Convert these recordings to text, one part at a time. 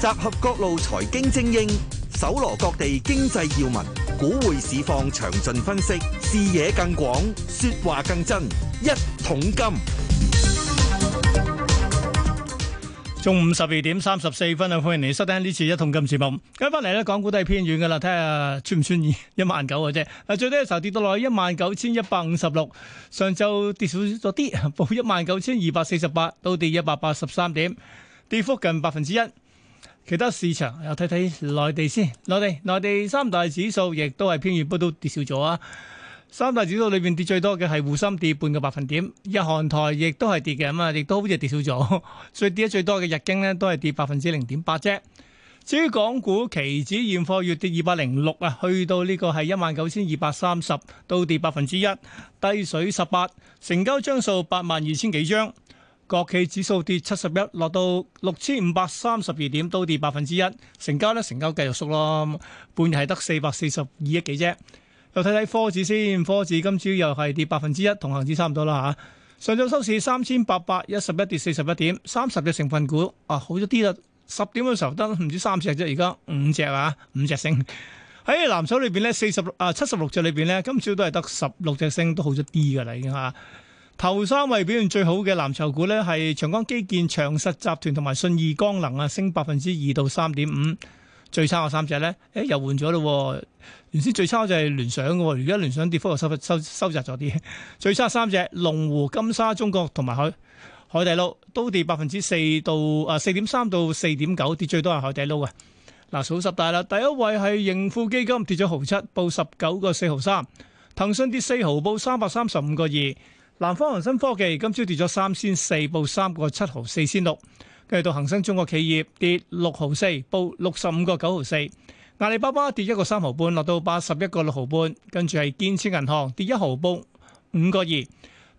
集合各路財經精英，搜羅各地經濟要聞，股匯市況詳盡分析，視野更廣，說話更真。一桶金，中午十二點三十四分啊！歡迎你收聽呢次一桶金節目。跟翻嚟咧，港股都係偏軟噶啦，睇下穿唔穿二一萬九嘅啫。嗱，最低嘅時候跌到落去一萬九千一百五十六，上晝跌少咗啲，報一萬九千二百四十八，倒跌一百八十三點，跌幅近百分之一。其他市場又睇睇內地先，內地內地三大指數亦都係偏弱，不過都跌少咗啊！三大指數裏邊跌最多嘅係滬深，跌半個百分點；日韓台亦都係跌嘅，咁啊亦都好似跌少咗。所以跌得最多嘅日經呢，都係跌百分之零點八啫。至於港股期指現貨月跌二百零六啊，去到呢個係一萬九千二百三十，都跌百分之一，低水十八，成交張數八萬二千幾張。國企指數跌七十一，落到六千五百三十二點，都跌百分之一。成交咧，成交繼續縮咯，半日係得四百四十二億幾啫。又睇睇科指先，科指今朝又係跌百分之一，同恒指差唔多啦吓、啊。上晝收市三千八百一十一跌四十一點，三十隻成分股啊，好咗啲啦。十點嘅時候得唔止三隻啫，而家五隻啊，五隻升。喺藍籌裏邊咧，四十啊七十六隻裏邊咧，今朝都係得十六隻升，都好咗啲噶啦，已經吓。頭三位表現最好嘅藍籌股呢，係長江基建、長實集團同埋信義光能啊，升百分之二到三點五。最差嘅三隻呢，誒又換咗咯。原先最差就係聯想嘅，而家聯想嘅跌幅又收收收窄咗啲。最差三隻，龍湖、金沙中國同埋海海底撈都跌百分之四到誒四點三到四點九，跌最多係海底撈啊。嗱。數十大啦，第一位係盈富基金跌咗毫七，報十九個四毫三；騰訊跌四毫，報三百三十五個二。南方恒生科技今朝跌咗三仙四，報三個七毫四仙六，跟住到恒生中國企業跌六毫四，報六十五個九毫四。阿里巴巴跌一個三毫半，落到八十一個六毫半，跟住係建設銀行跌一毫，報五個二，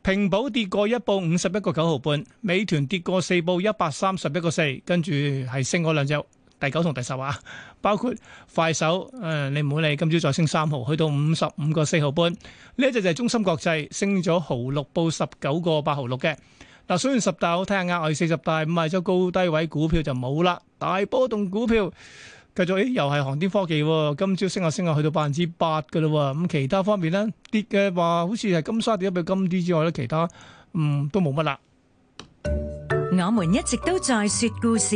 平保跌過一，報五十一個九毫半，5, 5, 5, 5, 美團跌過四，報一百三十一個四，跟住係升過兩隻。第九同第十啊，包括快手，誒，你唔好理，今朝再升三毫，去到五十五個四毫半。呢一隻就係中芯國際，升咗毫六，報十九個八毫六嘅。嗱，雖然十大好睇下啊，我哋四十大五十大高低位股票就冇啦，大波動股票繼續，誒，又係航天科技，今朝升下升下，去到百分之八噶啦。咁其他方面咧，跌嘅話，好似係金沙跌咗比金啲之外咧，其他嗯都冇乜啦。我們一直都在說故事。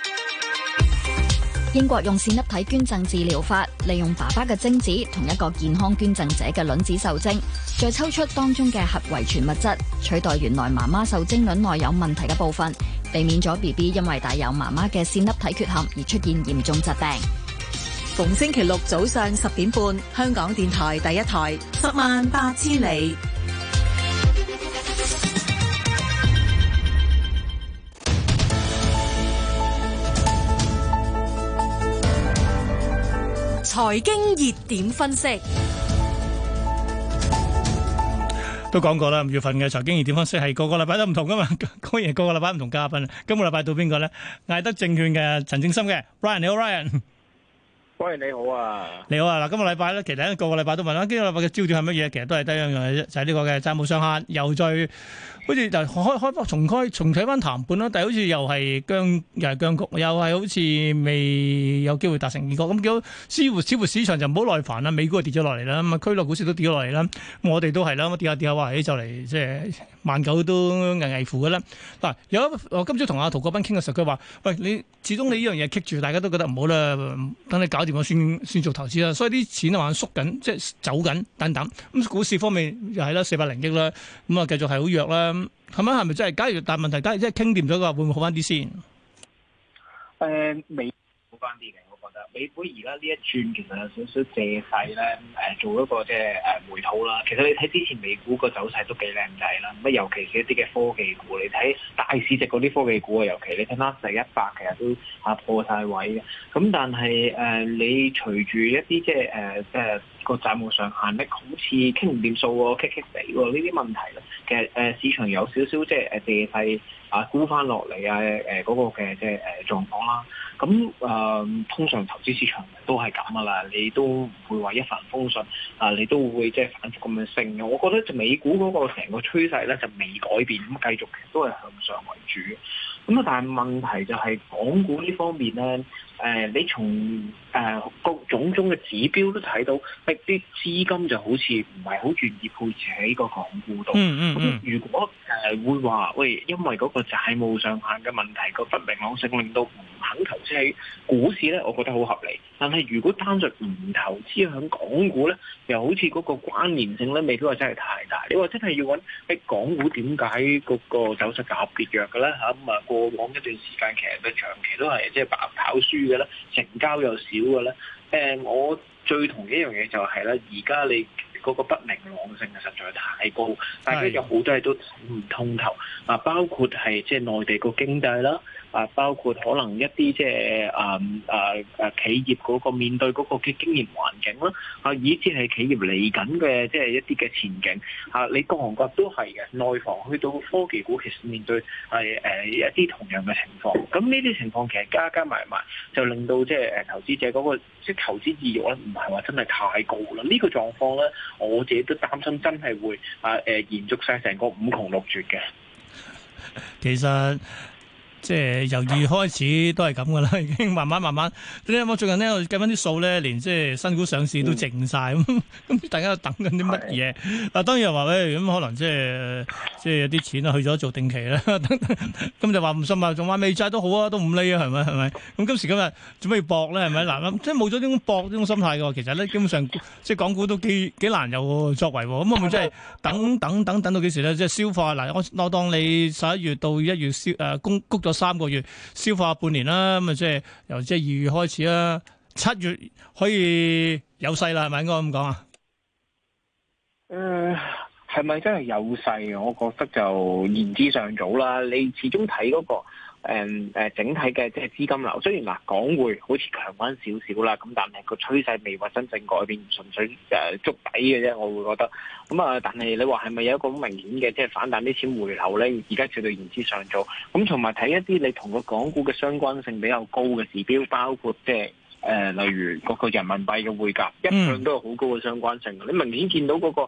英國用線粒體捐贈治療法，利用爸爸嘅精子同一個健康捐贈者嘅卵子受精，再抽出當中嘅核遺傳物質，取代原來媽媽受精卵內有問題嘅部分，避免咗 BB 因為帶有媽媽嘅線粒體缺陷而出現嚴重疾病。逢星期六早上十點半，香港電台第一台，十萬八千里。財經熱點分析，都講過啦。五月份嘅財經熱點分析係個個禮拜都唔同噶嘛，當然個個禮拜唔同嘉賓。今個禮拜到邊個咧？艾德證券嘅陳政深嘅，Ryan 你好，Ryan。歡迎你好啊，你好啊！嗱，今個禮拜咧，其實咧個個禮拜都問啦。今個禮拜嘅焦點係乜嘢？其實都係得一樣嘢樣，就係、是、呢、這個嘅債務上限又再，好似就開開重開，重睇翻談判啦。但係好似又係僵，又係僵局，又係好似未有機會達成結果。咁叫似乎似乎市場就唔好耐煩啦，美股就跌咗落嚟啦，咁啊，區內股市都跌咗落嚟啦，我哋都係啦，咁跌下跌下話，起就嚟即係萬九都岌岌乎嘅啦。嗱、啊，有一我今朝同阿陶國斌傾嘅時候，佢話：，喂，你始終你呢樣嘢棘住，大家都覺得唔好啦，等你搞我算算做投資啦，所以啲錢啊縮緊，即係走緊等等。咁股市方面又係啦，四百零億啦，咁啊繼續係好弱啦。係咪係咪真係？假如大問題，假如真係傾掂咗嘅話，會唔會好翻啲先？誒、呃，未好翻啲嘅。美股而家呢一轉，其實有少少借勢咧，誒做一個即係誒回吐啦。其實你睇之前美股個走勢都幾靚仔啦，咁尤其是一啲嘅科技股，你睇大市值嗰啲科技股啊，尤其你睇翻第一百，其實都下破晒位嘅。咁但係誒，你隨住一啲即係誒誒個債務上限咧，好似傾唔掂數喎，棘棘死喎，呢啲問題咧，其實誒市場有少少即係誒借勢啊沽翻落嚟啊，誒嗰個嘅即係誒狀況啦。咁誒、嗯，通常投資市場都係咁噶啦，你都唔會話一帆風順，啊，你都會即係反覆咁樣升嘅。我覺得就美股嗰個成個趨勢咧就未改變，咁繼續都係向上為主。咁但係問題就係港股呢方面咧，誒、呃、你從誒、呃、各種種嘅指標都睇到，誒啲資金就好似唔係好願意配置喺個港股度、嗯。嗯嗯。咁如果誒、呃、會話，喂，因為嗰個債務上限嘅問題、個不明朗性，令到唔肯投資喺股市咧，我覺得好合理。但係如果單純唔投資喺港股咧，又好似嗰個關聯性咧，未必話真係太大。你話真係要揾誒港股點解嗰個走勢特別弱嘅咧嚇？咁啊過往一段時間，其實佢長期都係即係白跑輸嘅啦，成交又少嘅啦。誒、嗯，我最同意一樣嘢就係咧，而家你嗰個不明朗性啊，實在太高，大家有好多嘢都睇唔通透啊，包括係即係內地個經濟啦。啊，包括可能一啲即係啊啊啊企業嗰個面對嗰個嘅經營環境啦，啊以至係企業嚟緊嘅即係一啲嘅前景，啊你各行各業都係嘅內房去到科技股，其實面對係誒一啲同樣嘅情況。咁呢啲情況其實加加埋埋，就令到即係誒投資者嗰個即係投資意欲咧，唔係話真係太高啦。呢個狀況咧，我自己都擔心真係會啊誒延續晒成個五窮六絕嘅。其實。即係由二開始都係咁噶啦，已經慢慢慢慢。你有冇最近咧計翻啲數咧？連即係新股上市都靜晒。咁，咁大家等緊啲乜嘢？嗱、嗯，當然又話咧，咁、欸、可能即係即係有啲錢去咗做定期啦。咁就話唔信啊，仲話未債都好啊，都唔理啊，係咪係咪？咁今時今日做咩要搏咧？係咪嗱即係冇咗呢這種搏呢種心態㗎。其實咧，基本上即係港股都幾幾難有作為。咁咪即係等等等等，等到幾時咧？即係消化嗱，我我當你十一月到一月消誒、啊、供谷咗。三個月消化半年啦，咁啊即係由即二月開始啦，七月可以有勢啦，係咪應該咁講啊？誒、呃，係咪真係有勢？我覺得就言之尚早啦。你始終睇嗰、嗰個。誒、誒整體嘅即係資金流，雖然嗱港匯好似強返少少啦，咁但係個趨勢未話真正改變，純粹誒捉底嘅啫，我會覺得。咁啊，但係你話係咪有一個明顯嘅即係反彈啲錢回流咧？而家絕對言之尚早。咁同埋睇一啲你同個港股嘅相關性比較高嘅指標，包括即係。誒、呃，例如嗰、那個人民幣嘅匯價，一向都有好高嘅相關性。嗯、你明顯見到嗰、那個誒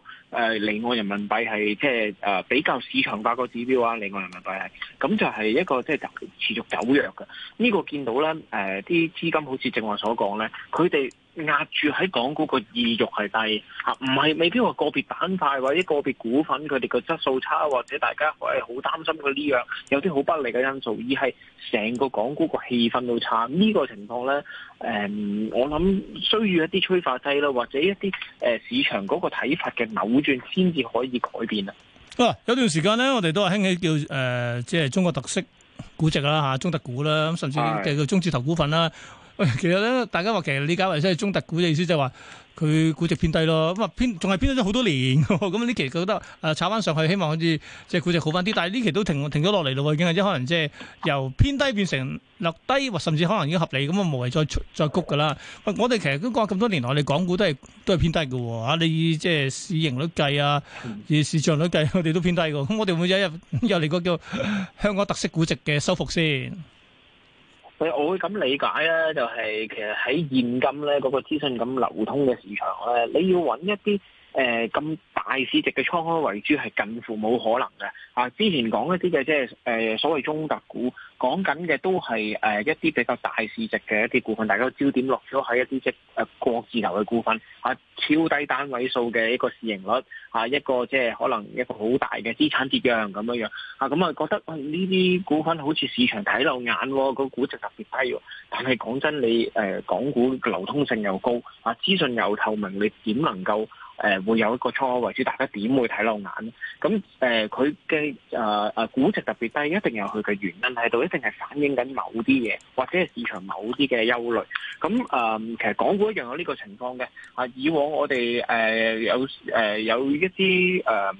離岸人民幣係即係誒比較市場化個指標啊，離岸人民幣係咁就係一個即係、就是、持續走弱嘅。呢、這個見到咧，誒啲資金好似正話所講咧，佢哋。壓住喺港股個意欲係低吓，唔係未必話個別板塊或者個別股份佢哋個質素差，或者大家可係好擔心佢呢樣，有啲好不利嘅因素，而係成個港股個氣氛都差。呢、這個情況咧，誒、嗯，我諗需要一啲催化劑啦，或者一啲誒市場嗰個睇法嘅扭轉，先至可以改變啊，有段時間咧，我哋都係興起叫誒，即係中國特色估值啦，吓，中特股啦，咁甚至叫做中字頭股份啦。喂，其實咧，大家話其實理解為真係中特股嘅意思，就係話佢估值偏低咯。咁啊，偏仲係偏低咗好多年。咁呢期覺得誒、呃，炒翻上去，希望好似即係估值好翻啲。但係呢期都停停咗落嚟咯，已經，係可能即係由偏低變成落低，或甚至可能已經合理咁啊，無謂再再谷噶啦。我哋其實都講咁多年來，我哋港股都係都係偏低噶。吓，你即係市盈率計啊，以市賬率計，我哋都偏低噶。咁我哋會唔會有一日有嚟個叫香港特色估值嘅修復先？我會咁理解咧，就係其實喺現今咧嗰個資訊咁流通嘅市場咧，你要揾一啲誒咁、呃、大市值嘅倉開為主係近乎冇可能嘅。啊，之前講一啲嘅即係誒所謂中特股，講緊嘅都係誒一啲比較大市值嘅一啲股份，大家都焦點落咗喺一啲即誒國字頭嘅股份，啊超低單位數嘅一個市盈率，啊一個即係可能一個好大嘅資產折讓咁樣啊咁啊、嗯、覺得呢啲股份好似市場睇漏眼喎、哦，那個估值特別低喎、哦。但係講真，你誒、呃、港股流通性又高，啊資訊又透明，你點能夠？誒、呃，會有一個錯位，即大家點會睇落眼咁。誒，佢嘅、誒誒，估值特別低，一定有佢嘅原因喺度，是一定係反映緊某啲嘢，或者係市場某啲嘅憂慮。咁誒、呃，其實港股一樣有呢個情況嘅。啊，以往我哋誒、呃、有誒、呃、有一啲誒、呃、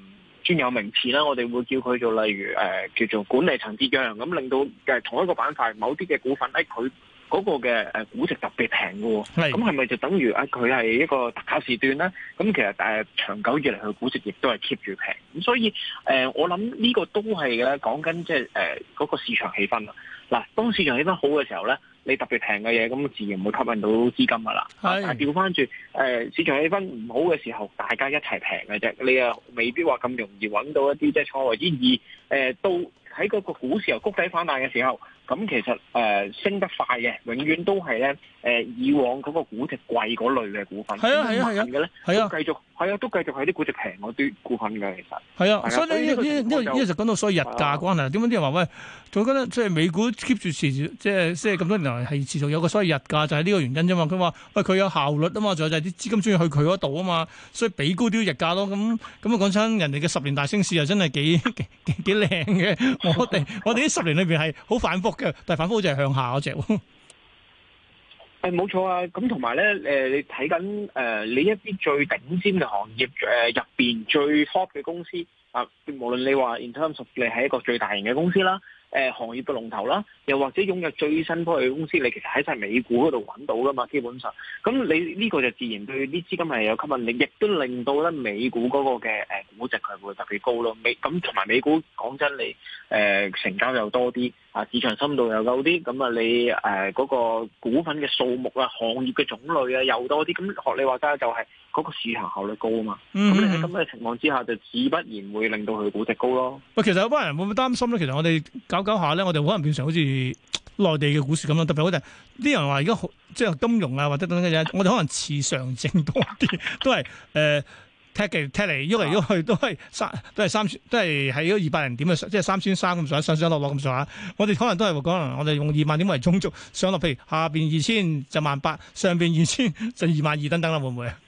專有名詞啦，我哋會叫佢做例如誒、呃、叫做管理層折讓咁、嗯、令到同一個板塊某啲嘅股份喺佢。呃嗰個嘅誒估值特別平嘅喎，咁係咪就等於啊佢係一個特價時段咧？咁其實誒、呃、長久以嚟，佢估值亦都係 keep 住平。咁所以誒、呃，我諗呢個都係咧講緊即係誒嗰個市場氣氛啊。嗱，當市場氣氛好嘅時候咧，你特別平嘅嘢，咁自然會吸引到資金嘅啦。係的，但調翻轉市場氣氛唔好嘅時候，大家一齊平嘅啫。你又未必話咁容易揾到一啲即係錯位。之二、呃、到喺嗰個股市由谷底反彈嘅時候。咁其實誒、呃、升得快嘅，永遠都係咧誒以往嗰個估值貴嗰類嘅股份，點啊，會變嘅咧？係啊，繼續係啊，啊，都繼續係啲估值平嗰啲股份嘅，其實係啊，啊所以咧呢呢呢呢就講到所謂日價關係，點解啲人話喂，最近得即係美股 keep 住持續即係即係咁多年嚟係持續有個所謂日價就係呢個原因啫嘛。佢話喂佢有效率啊嘛，仲有就係啲資金中意去佢嗰度啊嘛，所以比高啲日價咯。咁咁啊講親人哋嘅十年大升市又真係幾幾幾靚嘅， 我哋我哋呢十年裏邊係好反覆。Okay, 但係反方就係向下嗰隻，誒冇錯啊！咁同埋咧，誒、呃、你睇緊誒你一啲最頂尖嘅行業誒入邊最 top 嘅公司啊、呃，無論你話 in terms of 你係一個最大型嘅公司啦，誒、呃、行業嘅龍頭啦，又或者擁有最新科技嘅公司，你其實喺晒美股嗰度揾到噶嘛，基本上，咁你呢個就自然對啲資金係有吸引力，亦都令到咧美股嗰個嘅誒估值係會特別高咯。美咁同埋美股講真，你誒、呃、成交又多啲。啊！市場深度又有啲，咁啊你誒嗰、呃那個股份嘅數目啊、行業嘅種類啊又多啲，咁學你話齋就係嗰個市場效率高啊嘛。咁你喺咁嘅情況之下，就自不然會令到佢估值高咯。喂，其實有班人會唔會擔心咧？其實我哋搞搞下咧，我哋可能變成好似內地嘅股市咁樣，特別好似啲人話而家即係金融啊，或者等等嘅嘢，我哋可能持長線多啲，都係誒。呃踢嚟踢嚟，喐嚟喐去都係三，都係三千，都係喺嗰二百零點啊！即係三千三咁上上上落落咁上下。我哋可能都係，可能我哋用二萬點為中軸上落。譬如下邊二千就萬八，上邊二千就二萬二等等啦，會唔會啊？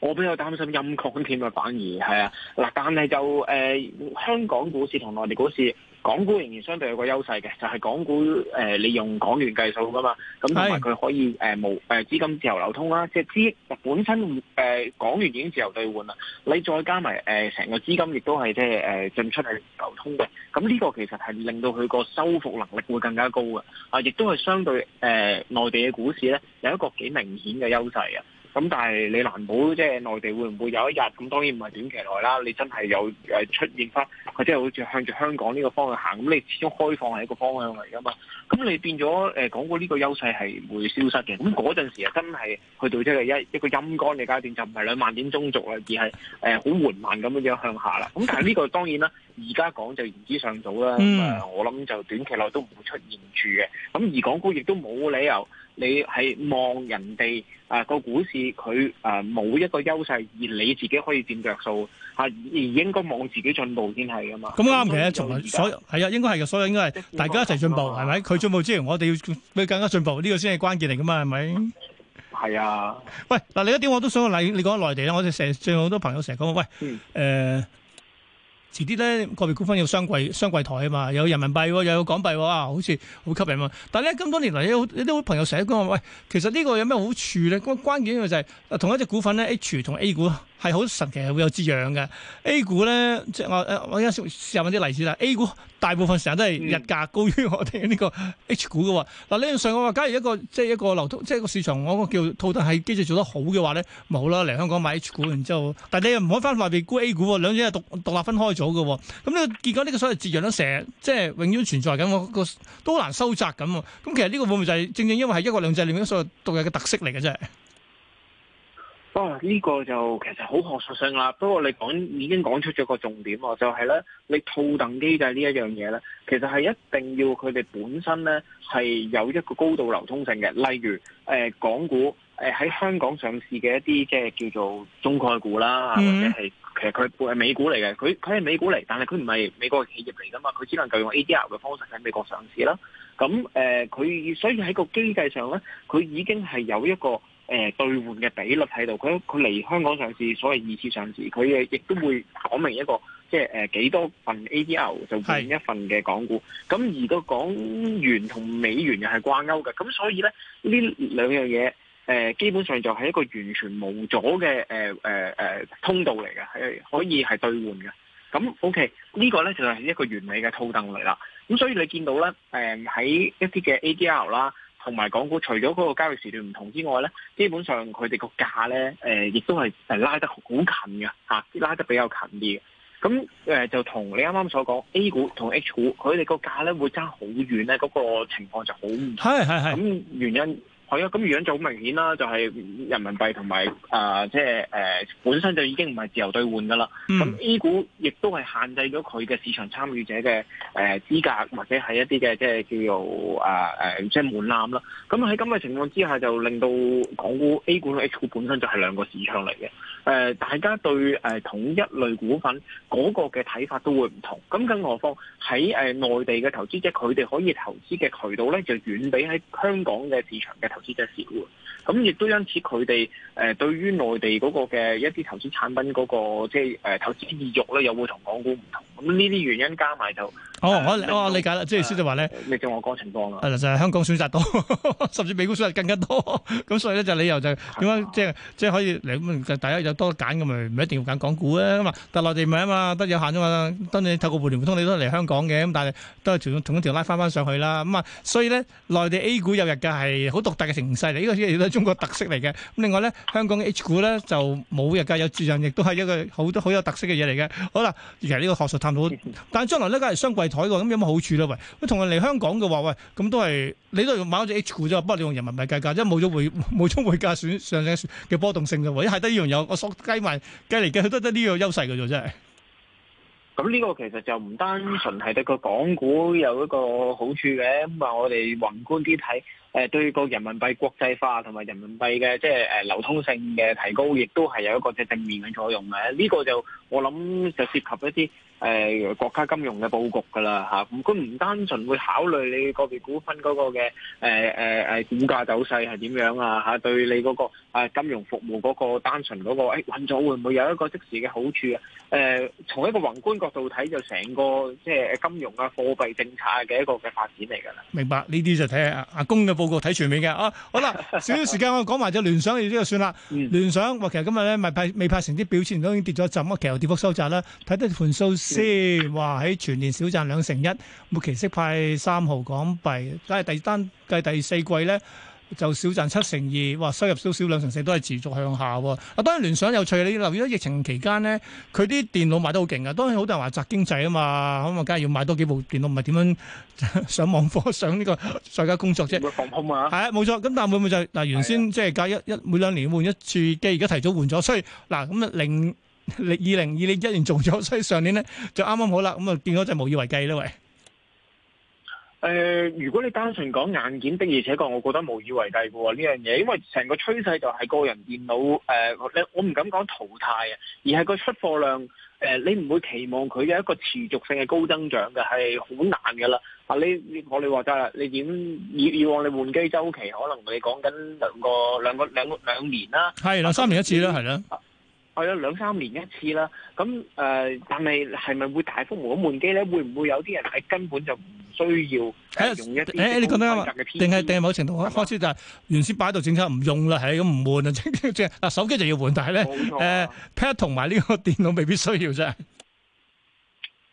我比較擔心陰確嗰啲片段板兒，反而係啊嗱，但係就誒、呃、香港股市同內地股市。港股仍然相對有個優勢嘅，就係、是、港股利、呃、用港元計數噶嘛，咁因為佢可以誒無、呃、資金自由流通啦，即係資本身、呃、港元已經自由兌換啦，你再加埋成、呃、個資金亦都係即係進出係流通嘅，咁呢個其實係令到佢個修復能力會更加高嘅，啊，亦都係相對誒、呃、內地嘅股市咧有一個幾明顯嘅優勢啊！咁但係你難保即係內地會唔會有一日咁，當然唔係短期內啦。你真係有誒出現返，即係好似向住香港呢個方向行，咁你始終開放係一個方向嚟㗎嘛。咁你變咗誒講過呢個優勢係會消失嘅。咁嗰陣時啊，真係去到即係一一個陰乾嘅階段，就唔係兩萬點中續啦，而係誒好緩慢咁樣向下啦。咁但係呢個當然啦。而家講就言之尚早啦，嗯、我諗就短期內都唔會出現住嘅。咁而港股亦都冇理由，你係望人哋誒個股市佢誒冇一個優勢，而你自己可以佔著數嚇，而應該望自己進步先係噶嘛。咁啱嘅一種，所係啊，應該係嘅，所有應該係大家一齊進步，係咪？佢進步之前，我哋要俾更加進步，呢、呢個先係關鍵嚟噶嘛，係咪？係啊喂你你。喂，嗱、嗯，另一點我都想，嚟你講內地啦，我哋成日最好多朋友成日講喂，遲啲咧，個別股份有雙櫃雙櫃台啊嘛，有人民幣，又有港幣喎，啊，好似好吸引啊！但係咧，咁多年嚟有有啲好朋友成日講話，喂，其實呢個有咩好處咧？咁關鍵嘅就係同一隻股份咧，H 同 A 股。係好神奇，係會有折讓嘅 A 股咧，即係我我而家試搵啲例子啦。A 股大部分時間都係日價高於我哋呢個 H 股嘅。嗱，理論上我話，假如一個即係一個流通，即係個市場，我叫套戥喺機制做得好嘅話咧，咪好啦，嚟香港買 H 股，然之後，但係你又唔可以翻外面沽 A 股，兩者係獨獨立分開咗嘅。咁呢、這個結果呢個所謂折讓都成日，即係永遠存在緊，個個都難收窄咁。咁其實呢個會唔會就係、是、正正因為係一國兩制裏面的所獨有嘅特色嚟嘅啫？啊！呢、哦這個就其實好學術性啦，不過你講已經講出咗個重點喎，就係、是、咧你套戥機制呢一樣嘢咧，其實係一定要佢哋本身咧係有一個高度流通性嘅。例如誒、呃、港股誒喺、呃、香港上市嘅一啲即係叫做中概股啦，mm hmm. 或者係其實佢係美股嚟嘅，佢佢係美股嚟，但係佢唔係美國嘅企業嚟㗎嘛，佢只能夠用 ADR 嘅方式喺美國上市啦。咁誒佢所以喺個機制上咧，佢已經係有一個，誒兌、呃、換嘅比率喺度，佢佢嚟香港上市，所謂二次上市，佢亦都會講明一個，即、就、係、是呃、幾多份 ADR 就換一份嘅港股。咁是而個港元同美元又係掛鈎嘅，咁所以咧呢兩樣嘢基本上就係一個完全無阻嘅誒通道嚟嘅，可以係兌換嘅。咁 OK，個呢個咧就係、是、一個完美嘅套戥嚟啦。咁所以你見到咧，喺、呃、一啲嘅 ADR 啦。同埋港股除咗嗰個交易時段唔同之外咧，基本上佢哋個價咧，呃，亦都係拉得好近嘅，吓，拉得比較近啲嘅。咁、呃、就同你啱啱所講，A 股同 H 股，佢哋個價咧會爭好遠咧，嗰、嗰個情況就好唔同。咁係係係原因。係啊，咁樣就好明顯啦，就係人民幣同埋啊，即係誒、呃，本身就已經唔係自由兌換㗎啦。咁、嗯、A 股亦都係限制咗佢嘅市場參與者嘅誒、呃、資格，或者係一啲嘅即係叫做啊、呃、即係門檻啦。咁喺咁嘅情況之下，就令到港股 A 股同 H 股本身就係兩個市場嚟嘅。誒、呃，大家對誒、呃、統一類股份嗰、那個嘅睇法都會唔同。咁更何況喺誒、呃、內地嘅投資者，佢哋可以投資嘅渠道咧，就遠比喺香港嘅市場嘅，投資者少啊，咁亦都因此佢哋誒對於內地嗰個嘅一啲投資產品嗰個即係誒投資意欲咧，有冇同港股唔同？咁呢啲原因加埋就，哦，我我理解啦，即係先就話咧，你叫我講情況啦，係啦，就係香港選擇多，甚至美股選擇更加多，咁所以咧就理由就點解即係即係可以嚟咁大家有多揀咁，咪唔一定要揀港股咧？咁啊，但內地唔係啊嘛，得有限啫嘛，當你透過互聯互通你都嚟香港嘅，咁但係都係同同一條拉翻翻上去啦，咁啊，所以咧內地 A 股入入嘅係好獨特嘅情勢嚟，呢個亦都係中國的特色嚟嘅。咁另外咧，香港嘅 H 股咧就冇日價有注人，亦都係一個好多好有特色嘅嘢嚟嘅。好啦，其實呢個學術探討，但係將來呢家係雙櫃台喎，咁有乜好處咧？喂，同人嚟香港嘅話，喂，咁都係你都買咗隻 H 股啫，不過你用人民幣計價，即係冇咗匯冇咗匯價損上升嘅波動性嘅。喎，一係得呢樣有我計埋計嚟計去，都得呢樣優勢嘅啫。真係、嗯。咁、這、呢個其實就唔單純係對個港股有一個好處嘅，咁啊，我哋宏觀啲睇。誒對個人民幣國際化同埋人民幣嘅即係誒流通性嘅提高，亦都係有一個即係正面嘅作用嘅。呢、這個就我諗就涉及一啲誒、呃、國家金融嘅佈局㗎啦嚇。咁佢唔單純會考慮你個別股份嗰個嘅誒誒誒股價走勢係點樣啊嚇、呃，對你嗰、那個。誒金融服務嗰個單純嗰個誒揾咗會唔會有一個即時嘅好處啊？誒從一個宏觀角度睇就成個即係金融啊貨幣政策嘅一個嘅發展嚟㗎啦。明白呢啲就睇阿阿公嘅報告睇全面嘅啊。好啦，少少時間我講埋就聯想呢就算啦。聯想話其實今日咧咪派未派成績表都已經跌咗浸啊，其後跌幅收窄啦。睇啲盤數先，話喺全年小賺兩成一，末期息派三毫港幣，但係第單計第四季咧。就少賺七成二，話收入少少兩成四都係持續向下。啊，當然聯想有趣，你留意咗疫情期間咧，佢啲電腦賣得好勁啊！當然好多人話宅經濟啊嘛，咁啊梗係要買多幾部電腦，唔係點樣上網課、上呢、呢個在家工作啫。冇乜放空啊！係冇、啊、錯，咁但係會唔會就嗱、是啊、原先即係隔一一每兩年換一次機，而家提早換咗，所以嗱咁啊零零二零二零一年做咗，所以上年咧就啱啱好啦，咁啊變咗就無以為繼啦，喂！誒、呃，如果你單純講硬件的而且確，我覺得無以為繼嘅喎呢樣嘢，因為成個趨勢就係個人電腦誒，我唔敢講淘汰啊，而係個出貨量誒、呃，你唔會期望佢嘅一個持續性嘅高增長嘅係好難㗎啦。啊，你我哋話齋啦，你以以以往你換機週期，可能你講緊兩個兩個兩兩年啦，係啦，三年一次啦，係啦，係啦、啊，兩三年一次啦。咁誒、呃，但係係咪會大幅咁換機咧？會唔會有啲人係根本就唔？需要睇用一誒，你講得啱啊！定係定係某程度開開始就係原先擺到政策唔用啦，係咁唔換啊！即係嗱，手機就要換，但係咧誒，Pad 同埋呢個電腦未必需要啫。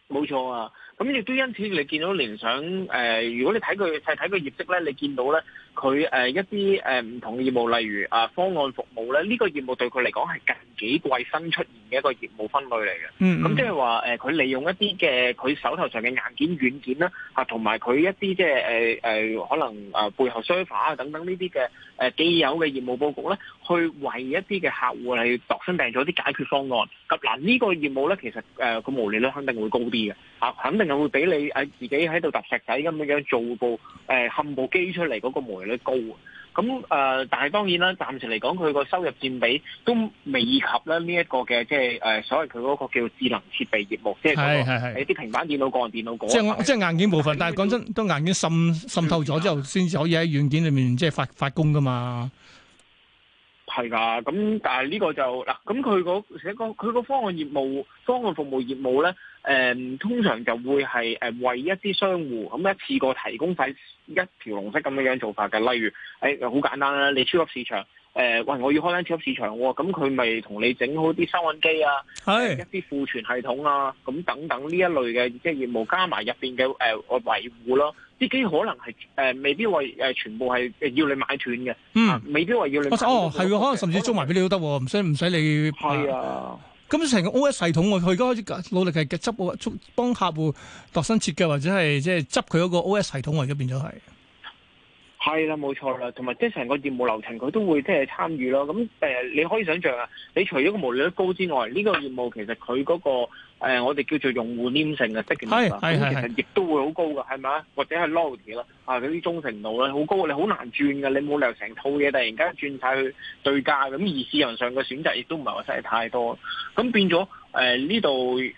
冇錯啊！咁亦都因此，你見到聯想誒，如果你睇佢係睇佢業績咧，你見到咧。佢誒一啲誒唔同嘅業務，例如啊方案服務咧，呢、呢個業務對佢嚟講係近幾季新出現嘅一個業務分類嚟嘅。嗯，嗯，咁即係話誒，佢利用一啲嘅佢手頭上嘅硬件、軟件啦，啊，同埋佢一啲即係誒誒，可能啊背後 server 啊等等呢啲嘅誒既有嘅業務佈局咧，去為一啲嘅客戶係度身訂做啲解決方案。咁嗱呢個業務咧，其實誒個毛利率肯定會高啲嘅，啊，肯定係會俾你喺、啊、自己喺度揼石仔咁樣做部誒冚、啊、部機出嚟嗰個毛高咁誒，但係當然啦，暫時嚟講，佢個收入佔比都未及咧呢一個嘅，即係誒，所謂佢嗰個叫智能設備業務，即係嗰個誒，啲平板電腦、個人電腦嗰塊即係即係硬件部分，但係講真，都硬件滲滲透咗之後，先至可以喺軟件裏面即係發發功噶嘛。係噶，咁但係呢個就嗱，咁佢嗰個佢個方案業務方案服務業務咧。誒、嗯，通常就會係誒為一啲商戶咁一次過提供晒一條龍式咁嘅樣做法嘅。例如，誒、哎、好簡單啦，你超級市場，誒，喂，我要開間超級市場喎，咁佢咪同你整好啲收銀機啊，係的一啲庫存系統啊，咁等等呢一類嘅嘅、即係、業務加埋入邊嘅，誒、呃，維護咯。啲機可能係誒、呃、未必話誒全部係要你買斷嘅，嗯、啊，未必話要你。哦，係喎，可能甚至租埋俾你都得，唔使唔使你。係的啊。咁成個 O.S 系統，喎，佢而家開始努力係執我幫客戶度身設計，或者係即係執佢嗰個 O.S 系統，喎，而家變咗係。係啦，冇錯啦，同埋即係成個業務流程佢都會即係參與咯。咁誒，你可以想像啊，你除咗個毛利率高之外，呢個業務其實佢嗰個誒，我哋叫做用戶黏性嘅積極性，咁其實亦都會好高㗎，係咪啊？或者係 loyalty 啦，啊嗰啲忠誠度咧，好高，你好難轉㗎，你冇理由成套嘢突然間轉晒去對家，咁，而市場上嘅選擇亦都唔係話真係太多，咁變咗。誒呢度誒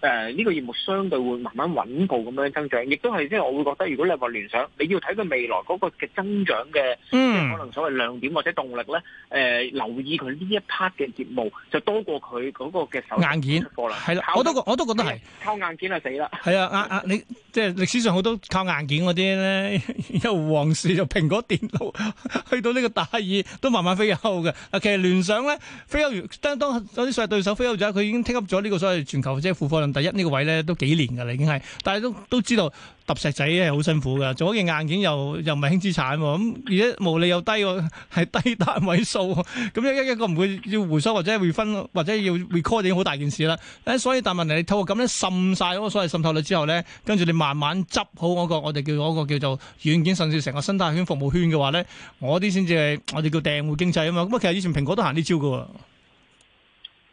誒呢個業務相對會慢慢穩步咁樣增長，亦都係即係我會覺得，如果你話聯想，你要睇佢未來嗰個嘅增長嘅，嗯、可能所謂亮點或者動力咧，誒、呃、留意佢呢一 part 嘅業務就多過佢嗰個嘅手硬件出貨啦。係啦，靠我都我都覺得係靠硬件就死啦。係啊，啊啊你即係歷史上好多靠硬件嗰啲咧，由 黃氏、由蘋果電腦 去到呢個戴爾都慢慢飛鷹嘅。其實聯想咧，飛鷹完，當當有啲所謂對手飛鷹咗，佢已經。keep 咗呢個所謂全球即係付貨量第一呢個位咧都幾年㗎啦，已經係，但係都都知道揼石仔係好辛苦㗎，做一件硬件又又唔係輕資產喎，咁而且毛利又低喎，係低單位數喎，咁一一個唔會要回收或者會分或者要 record 已經好大件事啦。所以但問題你透過咁樣滲晒嗰個所謂滲透率之後咧，跟住你慢慢執好嗰個我哋叫嗰個叫做軟件甚至成個生態圈服務圈嘅話咧，我啲先至係我哋叫訂戶經濟啊嘛。咁啊其實以前蘋果都行啲招㗎喎。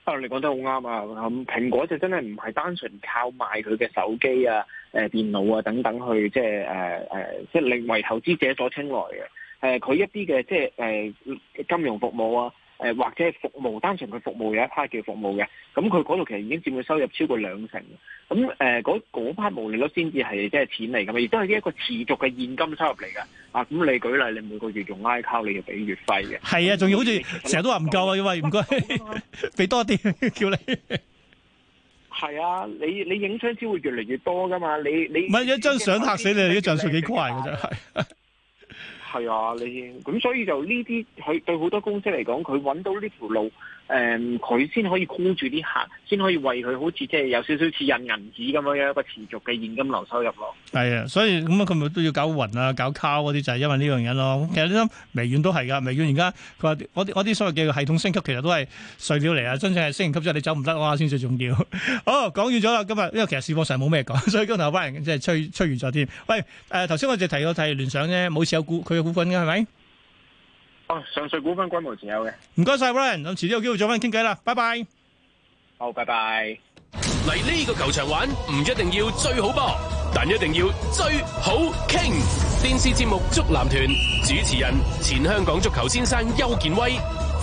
啊！你講得好啱啊！咁蘋果就真係唔係單純靠賣佢嘅手機啊、誒、呃、電腦啊等等去即係誒誒，即係令為投資者所青睞嘅。誒、呃、佢一啲嘅即係誒、呃、金融服務啊。誒、呃，或者係服務，單純嘅服務有一批叫服務嘅，咁佢嗰度其實已經佔佢收入超過兩成。咁誒，嗰嗰批毛利率先至係即係錢嚟噶嘛，亦都係一個持續嘅現金收入嚟嘅。啊，咁你舉例，你每個月用 iCloud 你就俾月費嘅。係啊，仲要那好似成日都話唔夠啊，要喂唔該，俾、啊、 多啲叫你。係啊，你你影相先會越嚟越多噶嘛？你你唔係一張相吓死你，不你啲像素幾貴嘅真係。 係啊，你咁所以就呢啲佢對好多公司嚟講，佢揾到呢條路，誒、嗯，佢先可以箍住啲客，先可以為佢好似即係有少少似印銀紙咁樣一個持續嘅現金流收入咯。係啊，所以咁啊，佢咪都要搞雲啊，搞卡嗰啲就係因為呢樣嘢咯。其實呢，微軟都係㗎，微軟而家佢話我啲我啲所謂嘅系統升級，其實都係碎料嚟啊。真正係升級之後你走唔得，啊，先最重要。好、 哦、講完咗啦，今日因為其實市況上冇咩講，所以今日班人即係吹吹完咗添。喂，誒頭先我就提過提到聯想咧，冇似有股佢。股份嘅係咪？哦，上水股份均無持有嘅。唔該晒，William，咁遲啲有機會再翻傾偈啦，拜拜。好、哦，拜拜。嚟呢個球場玩，唔一定要最好波，但一定要最好傾。電視節目《足男團》主持人，前香港足球先生邱建威。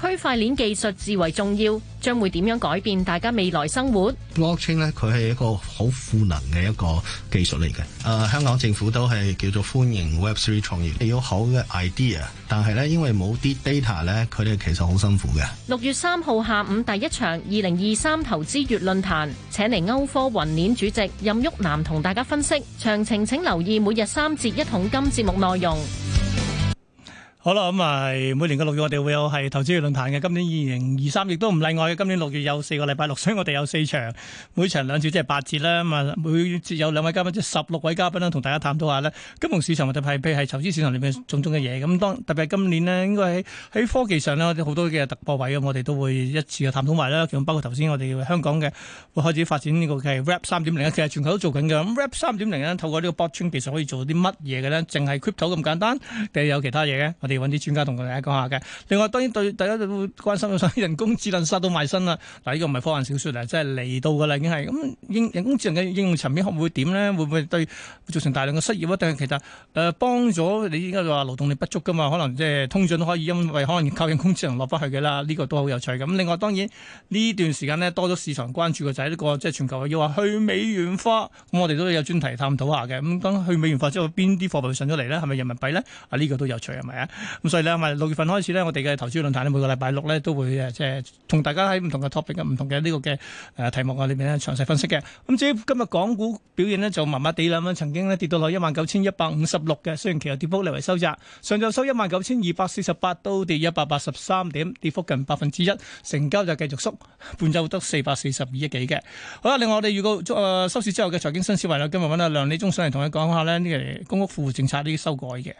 區塊鏈技術至為重要，將會點樣改變大家未來生活？Blockchain 咧，佢係一個好賦能嘅一個技術嚟嘅。呃，香港政府都係叫做歡迎 Web3 創業，有好嘅 idea，但係咧，因為冇啲 data 咧，佢哋其實好辛苦嘅。六月三號下午第一場二零二三投資月論壇，請嚟歐科雲鏈主席任旭南同大家分析詳情，請留意每日三節一桶金節目內容。好啦，咁咪每年嘅六月我哋會有係投資嘅論壇嘅。今年二零二三亦都唔例外嘅。今年六月有四個禮拜六，所以我哋有四場，每場兩次即係八節啦。咁啊，每節有兩位嘉賓，即係十六位嘉賓啦，同大家探討下呢金融市場或者係譬如係投資市場裏面種種嘅嘢。咁當特別係今年呢，應該喺科技上咧，好多嘅突破位咁，我哋都會一次嘅探討埋啦。咁包括頭先我哋香港嘅會開始發展呢個嘅 Web 三點零，其實全球都做緊㗎。咁 Web 三點零呢，透過呢個 botching 其實可以做啲乜嘢嘅呢？淨係 Crypto 咁簡單定係有其他嘢嘅？揾啲專家同大家講下嘅。另外當然對大家都會關心，人工智能殺到埋身啦。嗱，呢個唔係科幻小説嚟，即係嚟到噶啦，已經係咁、嗯。人工智能嘅應用層面會唔會點咧？會唔會對會造成大量嘅失業啊？定係其實誒、呃、幫咗你依家話勞動力不足噶嘛？可能即係、呃、通脹都可以因為可能靠人工智能落翻去嘅啦。呢、呢個都好有趣。咁另外當然呢段時間呢，多咗市場關注嘅就係、呢個，呢個即係全球要話去美元化，咁我哋都有專題探討一下嘅。咁當去美元化之後，邊啲貨幣上咗嚟咧？係咪人民幣咧？啊，呢、呢個都有趣係咪啊？咁所以咧，咪六月份開始咧，我哋嘅投資論壇咧，每個禮拜六咧都會誒，即係同大家喺唔同嘅 topic、唔同嘅呢個嘅誒題目啊裏邊咧詳細分析嘅。咁至於今日港股表現咧，就麻麻地啦，咁曾經咧跌到落一萬九千一百五十六嘅，雖然其後跌幅略為收窄，上晝收一萬九千二百四十八，都跌一百八十三點，跌幅近百分之一，成交就繼續縮，半日得四百四十二億幾嘅。好啦，另外我哋預告誒收市之後嘅財經新思維啦，今日揾阿梁李忠上嚟同你講下呢，呢個公屋富戶政策啲修改嘅。